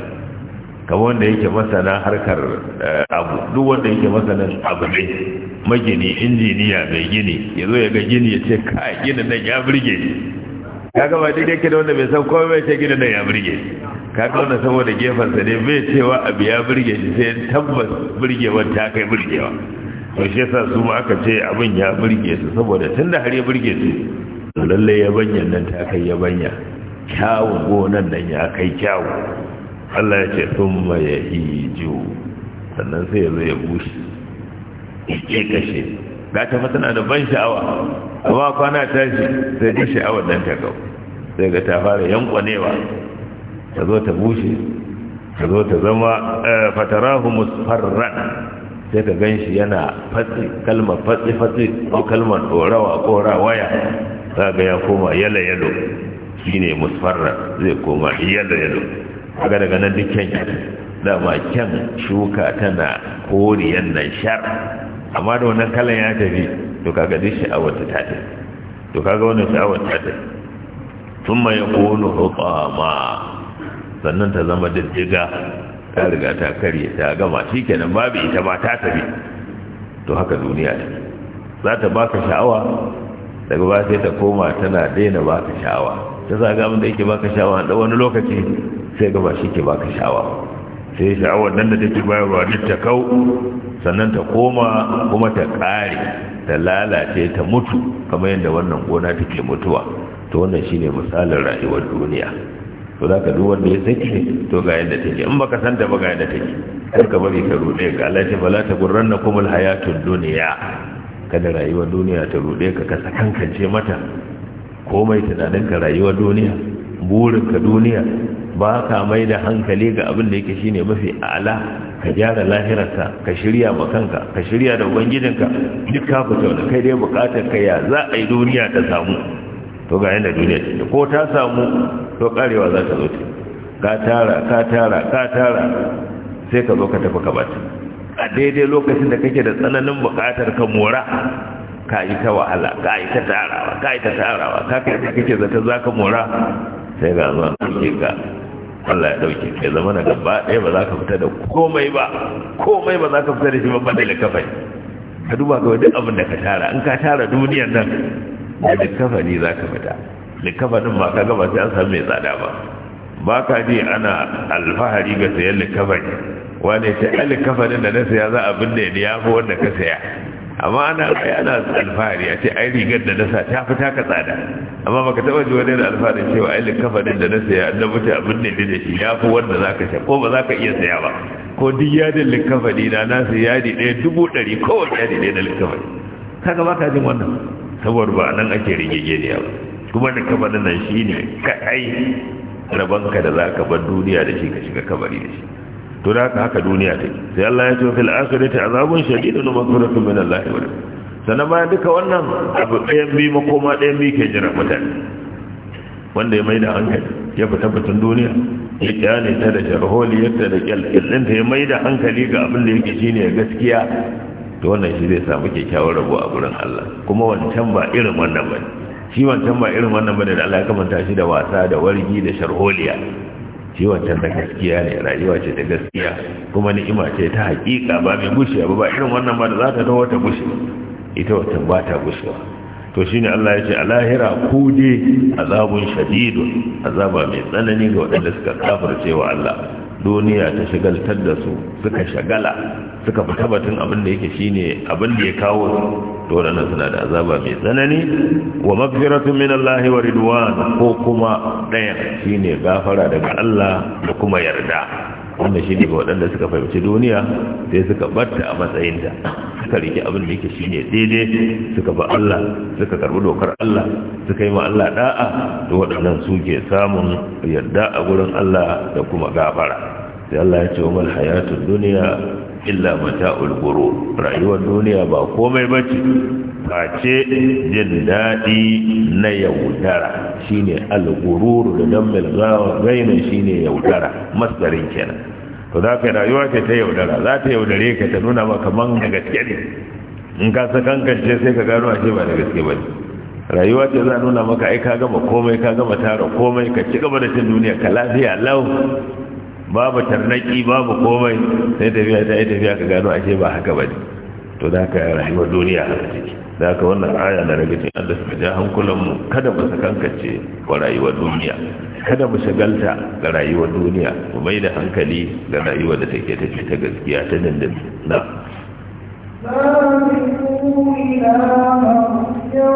kamar wanda yake masana harkar eh, abu duk wanda yake masana abu ne magini injiniya mai gini ya zo ya ga gini ya ce ka gini nan ya birge ni kaga ba daidai yake da wanda bai san komai bai ce gini nan ya birge Ka ga wanda saboda gefensa ne bai cewa abu ya birge shi sai tabbas birgewar ta kai birgewa to shi yasa su ma aka ce abin ya birge su saboda da har ya birge su lallai yabanyan nan ta kai yabanya kyawun gonan nan ya kai kyawun Allah ya ce sun maye hiju sannan sai ya zo ya bushe ya kashe ga ta na da ban sha'awa amma kwana ta shi sai ji sha'awar nan ta kau sai ga ta fara yankwanewa ta zo ta bushe ta zo ta zama eh, fatarahu musfarran sai ka gan shi yana fatsi kalmar fatsi fatsi ko kalmar korawa ko rawaya za ga ya koma yalo yalo shine musfarran zai koma yalo yalo kaga daga nan duk kyan dama kyan shuka tana koriyan nan shar amma da wannan kalan ya tafi to kaga dishi a ta tafi to kaga wannan sha'awar ta tafi mai kone hukama sannan ta zama diddiga ta riga ta karye ta gama shi kenan babu ita ba ta tafi to haka duniya ta za ta baka sha'awa daga ba sai ta koma tana daina baka sha'awa ta zaga abin da yake baka sha'awa a wani lokaci sai gaba shi ke baka sha'awa sai sha'awar nan da take bayarwa duk ta kau sannan ta koma kuma ta ƙare ta lalace ta mutu kamar yadda wannan gona take mutuwa to wannan shine misalin rayuwar duniya to za ka duk wanda ya sake to ga yadda take in baka san ta ba ga yadda take kar ka bari ka rude ka Allah ce fala ta gurranna kumul hayatud duniya kada rayuwar duniya ta rude ka kasa kankance mata komai tunanin ka rayuwar duniya burin ka duniya ba ka mai da hankali ga abin da yake shine mafi ala ka gyara lahirarka ka shirya makanka ka shirya da ubangijinka duk ka fito da kai dai bukatar ka ya za a yi duniya ta samu to ga yanda duniya ta ko ta samu to karewa za ta zo ta ka tara ka tara ka tara sai ka zo ka tafi ka bata a daidai lokacin da kake da tsananin bukatar ka mora ka yi ta wahala ka yi ta tarawa ka yi ta tarawa ka kai kake zata zaka mora sai ga zuwa ɗauke ka Allah ya ɗauke ka zama na gaba ɗaya ba za ka fita da komai ba komai ba za ka fita da shi babban da kafai ka duba kawai duk abin da ka tara in ka tara duniyar nan da likafani za ka fita likafanin ma ka gaba sai an samu mai tsada ba ba ka ji ana alfahari ga sayan likafani wane ta alikafanin da na saya za a binne ni ya fi wanda ka saya amma ana ana alfahari a ce ai rigar da nasa ta fi taka tsada amma baka taba ji wani alfahari cewa ai likafanin da na saya an mutu abin da da shi ya fi wanda zaka sha ko ba zaka iya saya ba ko duk yadin likafani na na ya yadi ɗaya dubu ɗari wani yadi ɗaya na likafani kaga baka jin wannan saboda ba nan ake rigegeniya ba kuma likafanin nan shi ne kaɗai rabanka da zaka bar duniya da shi ka shiga kabari da shi to da haka haka duniya ta sai Allah ya ce fil akhirati azabun shadidun maghfiratun min Allah wa sana bayan duka wannan abu ɗayan bi makoma ɗayan bi ke jira mutane wanda ya mai da hankali ya fita fitin duniya ya kyale ta da jarholiyarta da ta ya mai da hankali ga abin da yake shine gaskiya to wannan shi zai samu kyakkyawar rabo a gurin Allah kuma wancan ba irin wannan ne. shi wancan ba irin wannan bane da Allah ya kamanta shi da wasa da wargi da sharholiya ciwon ta da gaskiya ne rayuwa ce da gaskiya kuma ni'ima ce ta hakika ba mai gushewa ba ba irin wannan ba da za ta tawo ta gushe ita wancan ba ta gushewa to shine Allah ya ce a lahira ku dai azabun shadidun azaba mai tsanani ga waɗanda suka kafirce wa Allah duniya ta shagaltar da su suka shagala suka fi tabbatin abin da yake shine abin da ya kawo to suna da azaba mai tsanani wa magfiratu min Allah wa ridwan ko kuma daya shine gafara daga Allah da kuma yarda wanda shi ne ga waɗanda suka fahimci duniya sai suka batta a matsayinta suka rike abin da yake shine daidai suka ba Allah suka karbi dokar Allah suka yi ma Allah da'a da waɗannan suke samun yarda a gurin Allah da kuma gafara sai Allah ya ce wa mal duniya illa mata'ul ulguru rayuwar duniya ba komai bace face jin daɗi na yaudara shine al-ghurur da dammel gawa gaina shine yaudara masdarin kenan to za ka rayuwa ce ta yaudara za ta yaudare ka ta nuna maka man da gaske ne in ka sa kankance sai ka gano ashe ba da gaske ba rayuwa ce za nuna maka ai ka gama komai ka gama tara komai ka ci gaba da cin duniya ka lafiya lau babu tarnaki babu komai sai tafiya ta yi tafiya ka gano ashe ba haka ba ne to da ka rayuwar duniya a ciki da ka wannan aya na daga cikin Allah ka ja hankulanmu kada mu sakankace wa rayuwar duniya kada mu shagalta ga rayuwar duniya mu mai da hankali ga rayuwar da take ce ta gaskiya ta dandan na you.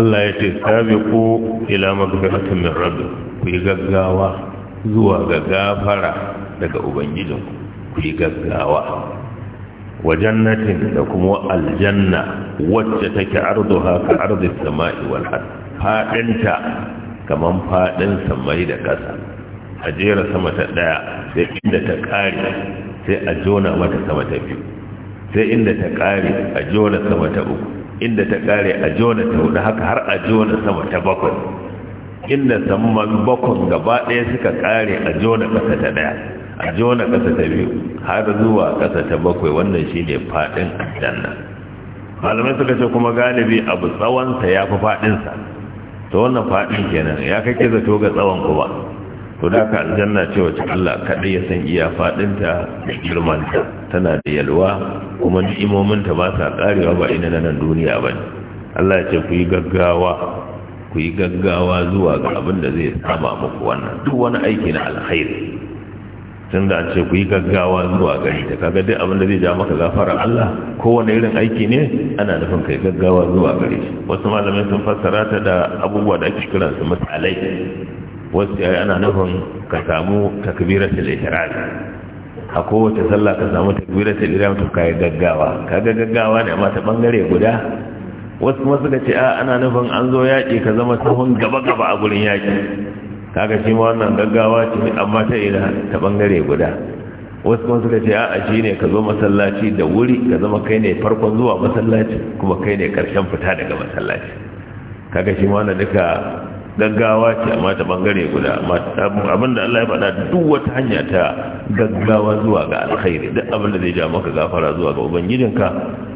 Allah ya ce sabiku ila magfiratin min rabbi ku yi gaggawa zuwa ga gafara daga ubangijin ku yi gaggawa wa jannatin da kuma aljanna wacce take arduha ka ardis samai wal ard fadinta kaman fadin samai da ƙasa a jera sama ta daya sai inda ta kare sai a jona mata sama ta biyu sai inda ta kare a jona sama ta uku inda ta kare a jona ta hudu haka har a jona sama ta bakwai inda samman bakon gaba daya suka kare a jona ƙasa ta ɗaya a jona ƙasa ta biyu har zuwa ƙasa ta bakwai wannan shi ne faɗin aljanna malamai suka ce kuma galibi abu tsawonsa ya fi faɗinsa ta wannan faɗin kenan ya kake zato ga tsawon kuma to da ka aljanna ce wacce Allah kaɗai ya san iya faɗinta da girmanta tana da yalwa kuma ni'imominta ba sa ƙarewa ba ina nan duniya ba ne Allah ya ce ku yi gaggawa ku yi gaggawa zuwa ga abin da zai sama muku wannan duk wani aiki na alkhairi tun da ce ku yi gaggawa zuwa gari ta kaga duk abin da zai ja maka gafara Allah kowane irin aiki ne ana nufin kai gaggawa zuwa gari wasu malamai sun fassara ta da abubuwa da ake kiransu misalai wasu eh, ana nufin ka samu takbiratul ihram a kowace sallah ka samu takbiratul ihram to kai gaggawa kaga gaggawa ne amma ta bangare guda wasu kuma suka ce a ana nufin an zo yaƙi ka zama tsohon gaba gaba a gurin yaƙi kaga shi ma wannan gaggawa ce amma ta ina ta bangare guda wasu kuma suka ce a shi ne ka zo masallaci da wuri ka zama kai ne farkon zuwa masallaci kuma kai ne karshen fita daga masallaci kaga shi ma wannan duka gaggawa ce amma ta bangare guda abinda Allah ya faɗa duk wata hanya ta gaggawa zuwa ga alkhairi duk abinda zai ja maka gafara zuwa ga ubangijinka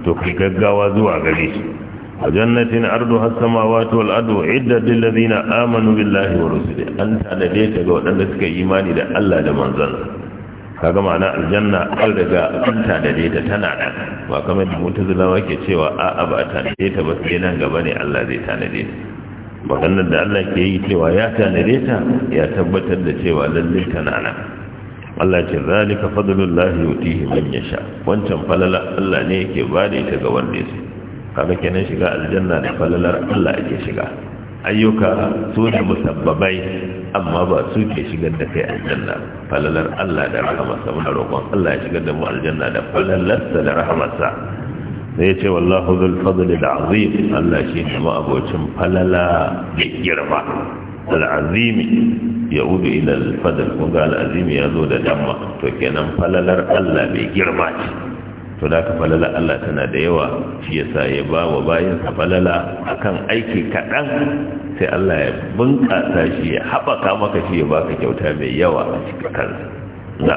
to ki gaggawa zuwa gare shi a jannatin ardu has samawati wal ardu idda lil ladina amanu billahi wa rusuli an tanade ta ga wadanda suka yi imani da Allah da ka kaga ma'ana aljanna an daga an tanade ta tana da ba kamar da mutazilawa ke cewa a'a ba tanade ta ba sai nan gaba ne Allah zai tanade ta maganar da Allah ke yi cewa ya tanade ta ya tabbatar da cewa lalle tana na. Allah ce zalika fadlullahi yutihi man yasha wancan falala Allah ne yake bada ita ga wanda yake kaga kenan shiga aljanna da falalar Allah ake shiga ayyuka su ne musabbabai amma ba su ke shigar da kai aljanna falalar Allah da rahamarsa mun roƙon Allah ya shigar da mu aljanna da falalarsa da rahamarsa sai ya ce wallahu zul fadli azim Allah shi ne abocin falala da girma al-azim yaudu ila al-fadl kun ga al-azim ya zo da damma to kenan falalar Allah mai girma ce to da ka falala Allah tana da yawa shi yasa ya ba wa bayan sa falala akan aiki kadan sai Allah ya bunƙasa shi ya haɓaka maka shi ya baka kyauta mai yawa a cikin kansa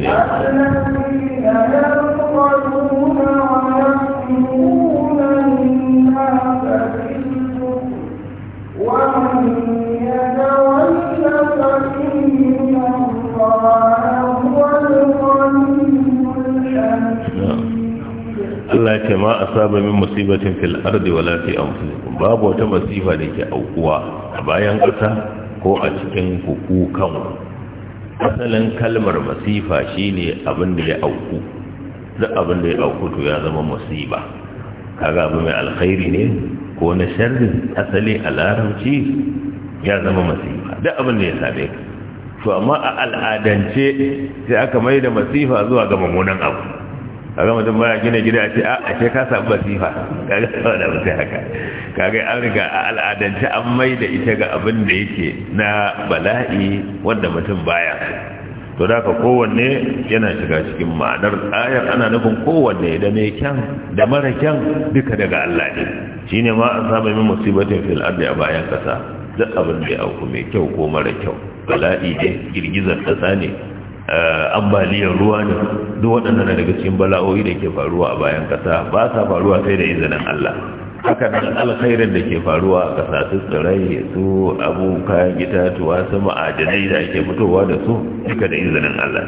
ne يقتلون ويقتلون الناس ومن Allah ya ce ma saba min musibatin fil da wala fi anfusikum babu wata masifa da ke aukuwa a bayan ƙasa ko a cikin ku asalin kalmar masifa shine abin da ya auku duk abin da ya auku to ya zama masifa kaga abu mai alkhairi ne ko na sharri asali a larabci ya zama masifa duk abin da ya same ka to amma a al'adance sai aka mai da masifa zuwa ga mummunan abu kaga mutum baya gina gida a ce a ah, ashe ka samu basifa kaga da mutum haka kaga an riga a al'adance an mai da ita ga abin da yake na bala'i wanda mutum baya to da ka kowanne yana shiga cikin ma'anar ayar ana nufin kowanne da mai kyan da mara kyan duka daga Allah ne shine ma an saba min musibatin fil ardi a bayan kasa duk abin da ya auku mai kyau ko mara kyau bala'i ne girgizar kasa ne Eh, ambaliyar ruwa ne duk na daga cikin bala'o'i da ke faruwa a bayan ƙasa ba sa faruwa sai da izinin Allah haka nan alkhairin da ke faruwa a ƙasa su tsirai su abu kayan itatuwa a ma'adanai da ake fitowa da su duka da izinin Allah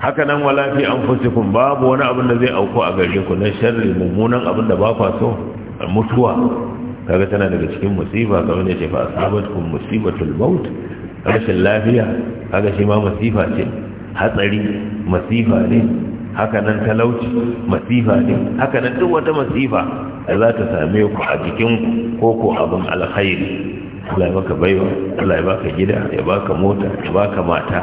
haka nan wala fi kun babu wani abin da zai auku a gare ku na sharri mummunan abin da ba kwa so mutuwa kaga tana daga cikin musiba kamar da ce fa asabatkum musibatul maut rashin lafiya kaga shi ma musiba ce hatsari masifa ne haka nan talauci masifa ne haka nan duk wata masifa da za ta same ku a jikinku ko ko abin alkhairi Allah ya baka baiwa Allah ya baka gida ya baka mota ya baka mata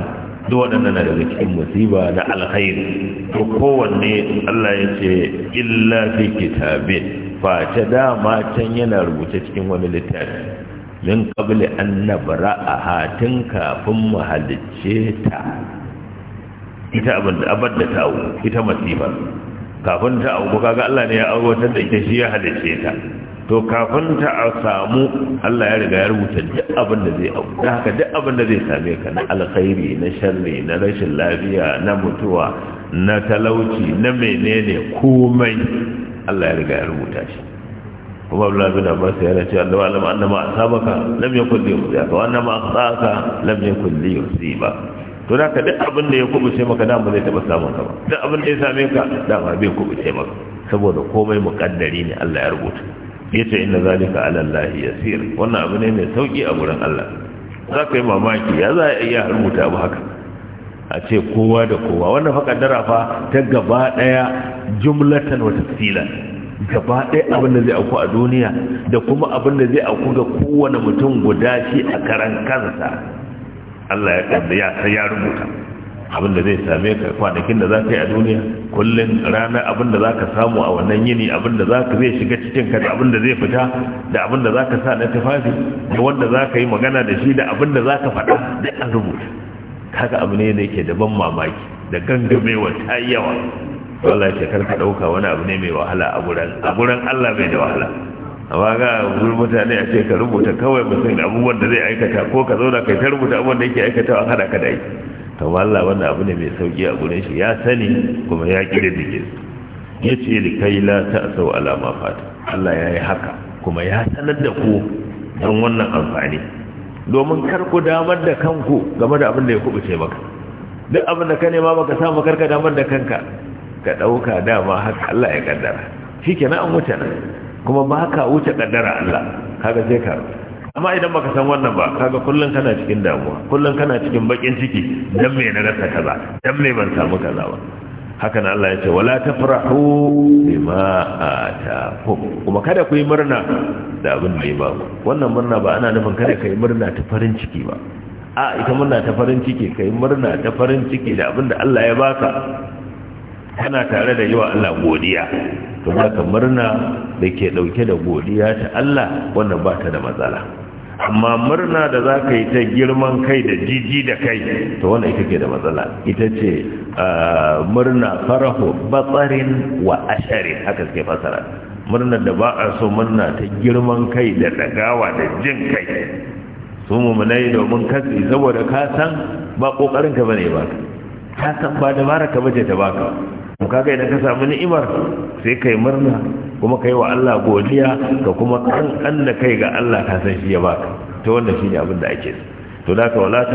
duk waɗannan na daga cikin masifa na alkhairi to kowanne Allah ya ce illa fi kitabin face dama can yana rubuce cikin wani littafi min qabli an nabra'aha tun kafin mu halicce ta ita abin da ta auku ita masifar kafin ta auku kaga Allah ne ya ta da ita shi ya halice ta to kafin ta samu Allah ya riga ya rubuta duk abin da zai auku da haka duk abin da zai same ka na alkhairi na sharri na rashin lafiya na mutuwa na talauci na menene komai Allah ya riga ya rubuta shi kuma Allah bin Abbas ya ce Allah wa annama asabaka lam yakun li yusibaka wa annama asaka lam yakun li yusibaka to da ka duk abin da ya kubuce maka da mu zai taba samun ka ba duk abin da ya same ka da bai kubuce maka saboda komai muƙaddari ne Allah ya rubuta yace inna zalika ala Allah yasir wannan abu ne mai sauki a gurin Allah za ka yi mamaki ya za a iya rubuta ba haka a ce kowa da kowa wannan fa kaddara fa ta gaba daya jumlatan wa tafsila gaba daya abin da zai auku a duniya da kuma abin da zai auku ga kowane mutum guda shi a karan kansa Allah ya kalli ya sai ya rubuta abin da zai same ka kwanakin da za ka yi a duniya kullum rana, abin da za ka samu a wannan yini abin da za zai shiga cikin ka da abin da zai fita da abin da za ka sa na tafafi, da wanda za ka yi magana da shi da abin da za ka faɗa da an rubuta kaga abu ne da yake da ban mamaki da gangamewa ta yawa wallahi shekar ka ɗauka wani abu ne mai wahala a guran Allah bai da wahala amma ga wurin mutane a ce ka rubuta kawai mutum abubuwan da zai aikata ko ka zauna kai ta rubuta abubuwan da yake aikatawa an hada ka da aiki to Allah wannan abu ne mai sauki a gurin shi ya sani kuma ya kire dike ya ce li kai la ta'sau ala ma fata Allah ya yi haka kuma ya sanar da ku don wannan amfani domin kar ku damar da kanku game da abin da ya kubuce maka duk abin da ka nema maka samu karka damar da kanka ka dauka dama haka Allah ya kaddara shikenan an wuce nan kuma ba ka wuce kaddara Allah kaga sai ka amma idan baka san wannan ba kaga kullun kana cikin damuwa kullun kana cikin bakin ciki dan me na rasa kaza dan me ban samu kaza ba haka nan Allah ya ce wala tafrahu bima atakum kuma kada ku yi murna da abin da ya ba wannan murna ba ana nufin kada ka yi murna ta farin ciki ba a ita murna ta farin ciki ka yi murna ta farin ciki da abin da Allah ya baka kana tare da yawa Allah godiya don haka murna da ke dauke da godiya ta Allah wannan ba ta da matsala amma murna da za ka yi ta girman kai da jiji da kai ta wannan ita ke da matsala ita ce murna faraho batsarin wa asharin haka suke fasara murnar da ba a so murna ta girman kai da dagawa da jin kai su mummunai domin katsi saboda ka san ba kokarin ka bane ba ka san ba dabara ka bace ta baka to kaga idan ka samu ni'imar sai kai murna kuma kai wa Allah godiya ka kuma kan da kai ga Allah ka san shi ya baka to wannan shine abin da ake to da ka wala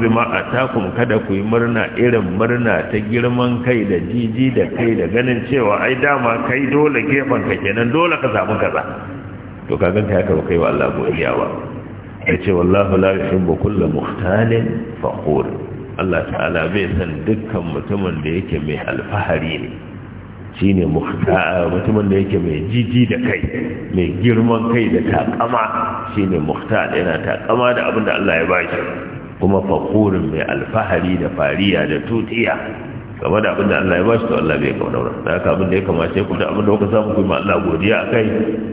bi ma atakum kada ku yi murna irin murna ta girman kai da jiji da kai da ganin cewa ai dama kai dole gefen ka kenan dole ka samu kaza to kaga kai ka kai wa Allah godiya ba yace wallahu la yuhibbu kullu mukhtalin faqur Allah ta'ala bai san dukkan mutumin da yake mai alfahari ne shi ne mutumin da yake mai jiji da kai mai girman kai da takama shi ne muhtar yana takama da abin da Allah ya ba shi, kuma fakurin mai alfahari da fariya da tutiya game da abin da Allah ya bashi to Allah bai kauna daura da haka abin da ya kamace ku da abin da kuka samu ku ma Allah godiya akai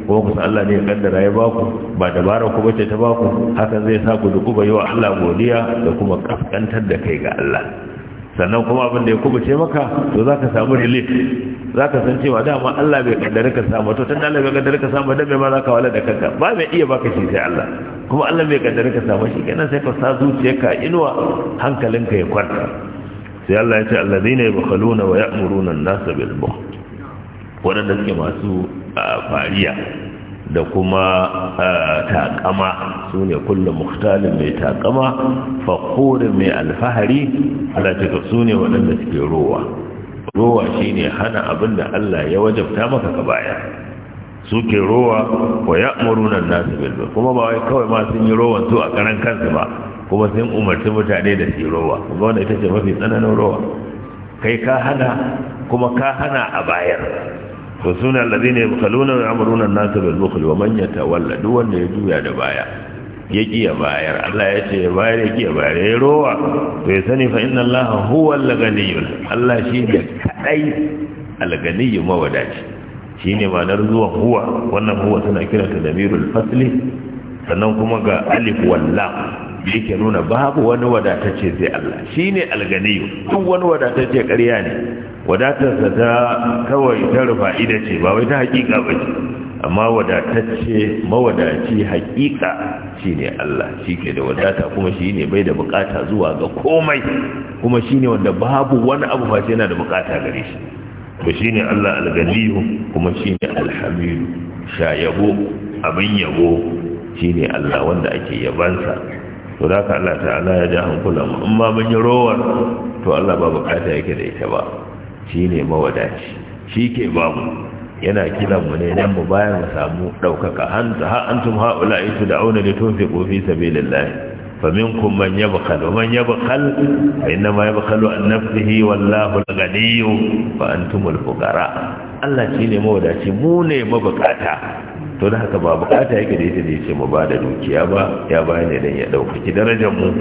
ko ku san Allah ne ya kaddara ya baku ba dabara ku bace ta baku hakan zai sa ku duku bayo Allah godiya da kuma kaskantar da kai ga Allah sannan kuma abin da ya kubuce maka to zaka samu relief zaka san cewa dama Allah bai kaddara ka samu to tun Allah bai kaddara ka samu dan bai ma zaka wala da kanka ba mai iya baka shi sai Allah kuma Allah bai kaddara ka samu shi kenan sai ka sa zuciyarka inuwa hankalinka ya kwanta sai Allah ya ce allazina yabkhuluna wa ya'muruna an-nasa bil bukhl wadanda suke masu fariya da kuma takama su ne kullum muhtalin mai takama fakorin mai alfahari alatika su ne waɗanda suke rowa rowa shi ne hana abin da Allah ya wajabta maka ka baya suke rowa wa ya nasu bilbo. kuma ba wai kawai ma sun yi rowan su a karan kansu ba kuma sun umarci mutane da su rowa kuma wanda ita ce mafi tsananin rowa kai ka hana kuma ka hana a bayar to suna lalazi ne kaluna da amuruna nasu wa manya tawalla duk wanda ya juya da baya ya kiya bayar Allah ya ce ya bayar ya kiya bayar ya rowa to ya sani fa inna Allah huwa al Allah shi ne kadai al-ghaniyyu mawadaci shine ma'anar zuwan huwa wannan huwa tana kiranta damirul fasli sannan kuma ga alif wal lam da yake nuna babu wani wadatacce sai Allah Shi ne alganiyu duk wani wadatacce ƙarya ne wadatarsa ta kawai ta rufa ida ce ba wai ta haƙiƙa ba ce amma wadatacce mawadaci haƙiƙa shi ne Allah Shi ke da wadata kuma shi ne bai da bukata zuwa ga komai kuma shi ne wanda babu wani abu ba sai yana da bukata gare shi to ne Allah alganiyu kuma shi ne shine Sha yabo, abin yabo Shi ne Allah wanda ake yabansa to da ka Allah ta'ala ya ja hankula mu amma mun yi rowar to Allah ba bukata yake da ita ba Shi ne mawadaci shi ke babu yana kiran mu ne dan mu bayar mu samu daukaka hanta ha antum haula in tud'una li tunfiqu fi sabilillah فمنكم من يبخل ومن يبخل فإنما يبخل عن نفسه والله الغني فأنتم الفقراء Allah shi ne mawadaci mu ne mabukata to da haka ba bukata yake da yake da yake mu ba da dukiya ba ya bayar ne dan ya ki darajar mu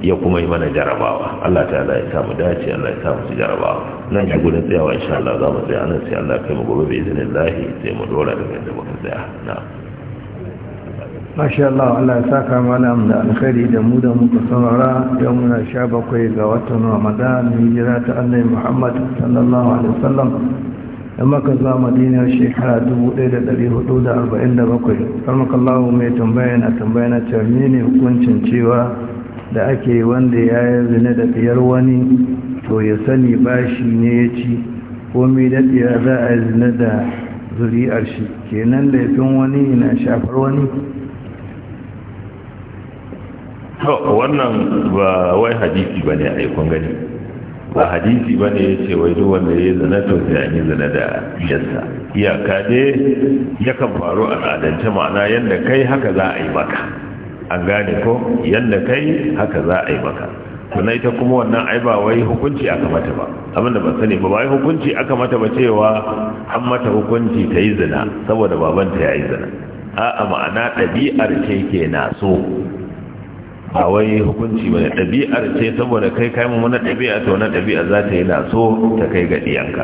ya kuma yi mana jarabawa Allah ta'ala ya samu dace Allah ya samu jarabawa nan shi gudan tsayawa insha Allah za mu tsaya nan sai Allah kai mu gobe bi iznillah sai mu dora daga da mu tsaya na Masha Allah Allah ya saka malam da alkhairi da mu da muka saurara yau muna bakwai ga watan Ramadan jira ta Annabi Muhammad sallallahu alaihi wasallam da maka zuwa madina shekara 1447 farmakallahu mai tambaya na tambaya na cewa ne hukuncin cewa da ake wanda ya yi zane da fiyar wani to ya sani bashi ne ya ci komi daɗiya za a yi zina da zuri'ar shi kenan laifin wani na shafar wani wannan ba wai hadisi ba ne a ikon gani ba hadisi ba ne ya ce wai duk wanda ya yi zina to sai an yi zina da yasa. iyaka dai yakan faru a tsadance ma'ana yadda kai haka za a yi maka an gane ko yadda kai haka za a yi maka tuna ita kuma wannan ai ba wai hukunci aka mata ba abinda ba sani ba wai hukunci aka mata ba cewa an mata hukunci ta yi zina saboda babanta ya yi zina a'a ma'ana ɗabi'ar ce ke na so ba hukunci ba ɗabi'ar ce saboda kai kai mu na ɗabi'a to na ɗabi'a za ta yi na so ta kai ga diyanka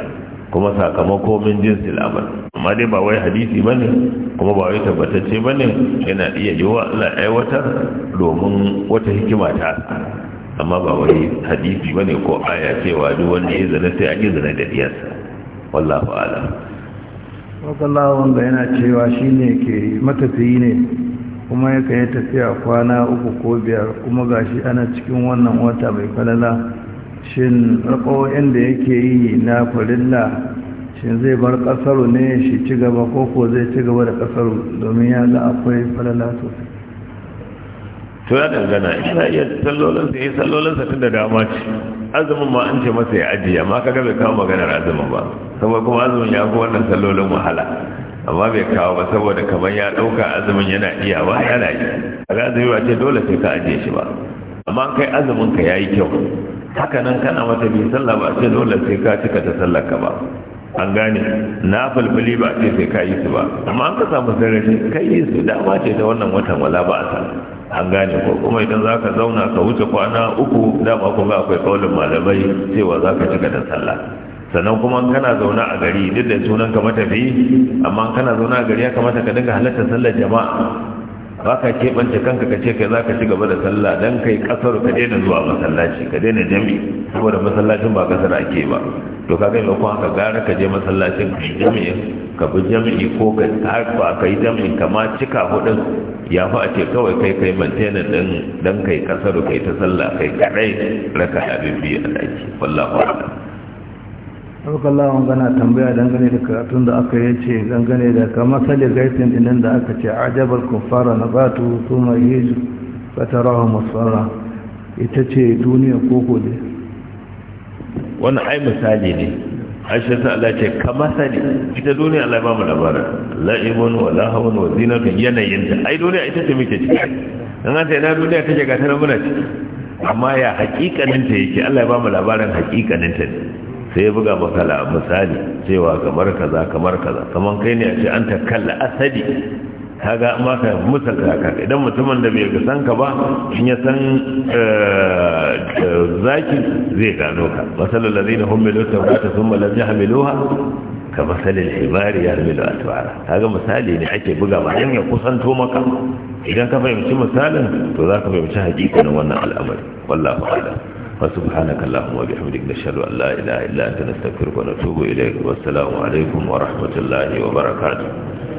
kuma sakamako min jinsil amal amma dai ba wai hadisi bane kuma ba wai tabbatacce bane yana iya yiwa Allah aiwatar domin wata hikima ta amma ba wai hadisi bane ko aya cewa duk wanda ya zana sai a ji zana da diyarsa wallahu a'lam wakallahu wanda yana cewa shine ke matafiyi ne kuma ya kai tafiya kwana uku ko biyar kuma gashi ana cikin wannan wata mai falala shin rakawoyin da yake yi na farilla shin zai bar kasaru ne shi ci gaba ko ko zai ci gaba da kasaru domin ya ga akwai falala sosai to ya dangana ina iya sallolinsa ya eh, sallolinsa tun da dama ce azumin ma an ce masa ya ajiye amma kaga bai kawo maganar azumin ba saboda kuma azumin ya fi wannan sallolin wahala amma bai kawo ba saboda kamar ya ɗauka azumin yana iya ba yana yi a azumi ba ce dole sai ka ajiye shi ba amma kai azumin ka yayi kyau haka nan kana mata bi sallah ba ce dole sai ka cika ta sallar ka ba an gane na fulfuli ba ce sai ka yi su ba amma an ka samu sarari kai yi su dama ce ta wannan watan wala ba a an gane ko kuma idan zaka zauna ka wuce kwana uku dama kuma akwai kaulin malamai cewa zaka cika da sallah sannan kuma kana zauna a gari duk da sunan ka matafi amma kana zauna a gari ya kamata ka dinga halarta sallar jama'a ba ka keɓance kanka ka ce kai za ka ci gaba da sallah don kai ƙasar ka daina zuwa masallaci ka daina jami saboda masallacin ba ƙasar ake ba to ka gani kuma ka gara ka je masallacin ka yi jami'in ka bi jami'i ko ka harfa ka yi jami'in ka ma cika hudun ya fi a ce kawai kai kai mantena ɗin don kai ƙasar kai ta sallah kai kaɗai raka a ɗaki wallahu a'lam ɗaukallawan gana tambaya dangane da karatun da aka yi ce dangane da kama sale gaifin dinin da aka ce ajabar kufara na batu su mai hijju fatarawa masara ita ce duniya koko ne wani ai misali ne aisha ta Allah ce kama sale ita duniya Allah ba mu labara la'ibun wa lahawun wa zinatun yanayin ta ai duniya ita ce muke ciki an hanta yana duniya ta ke ga ta muna ciki amma ya hakikaninta yake Allah ya ba mu labarin hakikaninta ne sai buga masala misali cewa kamar kaza kamar kaza kamar kai ne a ce an takalla asadi kaga amma ka musalta kaka. idan mutumin da bai ga san ka ba in ya san eh, eh, zaki zai gano ka masalul ladina hum milu tawrata thumma lam yahmiluha ka masalil himari yahmilu atwara kaga misali ne ake buga ba dan ya kusanto maka idan ka fahimci misalin to za ka fahimci hakikanin wannan al'amari wallahu a'lam فسبحانك اللهم وبحمدك نشهد أن لا إله إلا أنت نستغفرك ونتوب إليك والسلام عليكم ورحمة الله وبركاته